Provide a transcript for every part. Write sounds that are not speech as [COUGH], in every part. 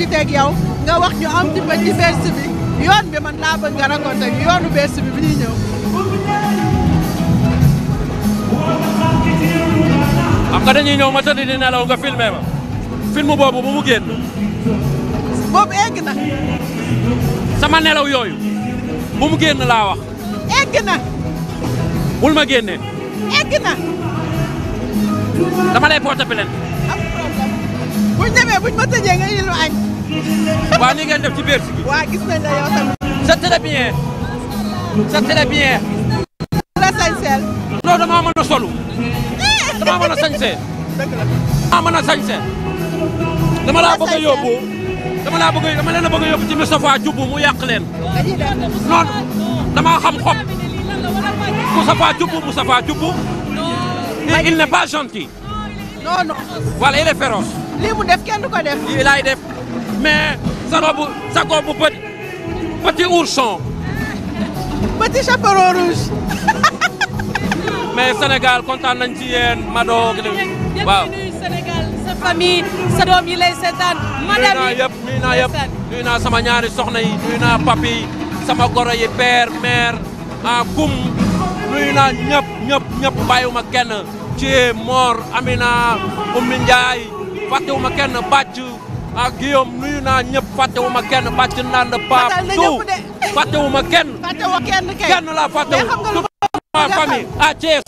discuter ak yow nga wax ñu am ci ba ci Bercy bi yoon bi man laa bëgg nga raconté ak yoonu Bercy bi bi ñuy ñëw. xam nga ma tëdd di nelaw mu génn. boobu egg na. sama nelaw yooyu bu mu génn laa wax. egg na. bul ma génnee. egg na. dama lay porter plainte. bu ñu añ. waaw ni ngeen def ci biir si gi. waaw gis nañ la yow tamit. c'est très bien. solu. damaa mën a sañsee. la damaa mën dama laa bëgg a yóbbu. dama laa bëgg dama leen a bëgg a yóbbu ci Moustapha Diouf mu yàq leen. dañuy il n'est pas gentil. non non. il est féroce. lii mu def kenn du ko def. lii laay def mais sa robu sa góob bu petit petit ourson. petit chaperon rouge. [LAUGHS] kontaan nañ ci yéen Mado. waaw nuyu Sénégal sa famille sa yi lay seetaan. naa sama ñaari soxna yi nuyu naa papi sama goro yi père mère ah kum nuyu naa ñëpp ñëpp ñëpp bàyyiwuma kenn ci Mor Amina Oumy Ndiaye. fàttewuma kenn bàcc ak Guillaume nuyu naa ñëpp fàttewuma kenn bàcc naan paap tout fàttewuma kenn kenn laa fàttewu toute ma famille à Thiès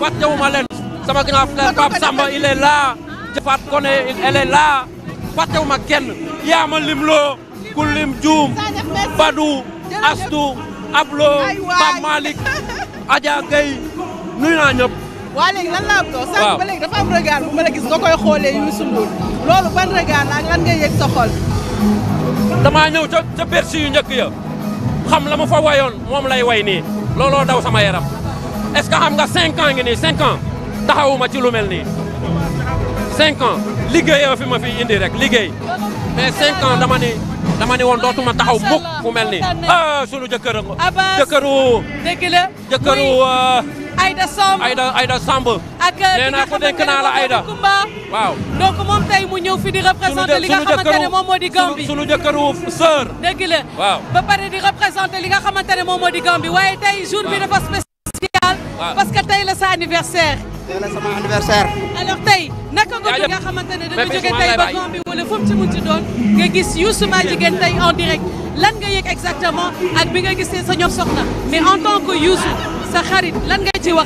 fàttewuma leen sama grand frère Pape Samba il est là Jafat Koné elle kenn yaama lim loo ku lim juum Badou Astou Ablo Pape Malick nuyu naa ñëpp waa léegi lan laa ko sànq ba léegi dafa am regard bu gis nga koy xoolee Youssou Ndour loolu ban regard la lan ngay yëg sa xol damaa ñëw ca ca bersi yu njëkk ya xam la ma fa wayoon moom lay way nii looloo daw sama yaram est-ce que xam nga cinq ans ngi nii cinq ans taxawuma ci lu mel nii cinq ans liggéeyoo fi ma fi indi rek liggéey mais 5 ans dama ni dama ni woon dootuma taxaw mukk mu mel ni ah sunu jëkkër Abbas jëkkëru dëgg la jëkkëru euh, ay Samb Aïda Samb ak nee naa ko dénk naa la Aïda waaw donc moom tey mu ñëw fi di représenter li nga xamante ne moom moo di Gambie sunu jëkkëru li nga xamante moo di Gambie waaye tey jour bi dafa spécial parce que tey la sa anniversaire tey la sama anniversaire alors tey naka nga bi nga xamante ne dañu jóge tey ba Gambie wala fu mu ci doon nga gis Youssou Madjiguène tey en direct lan nga yëg exactement ak bi nga gisee sa ñoom soxna mais en tant que Youssou sa xarit lan nga ci wax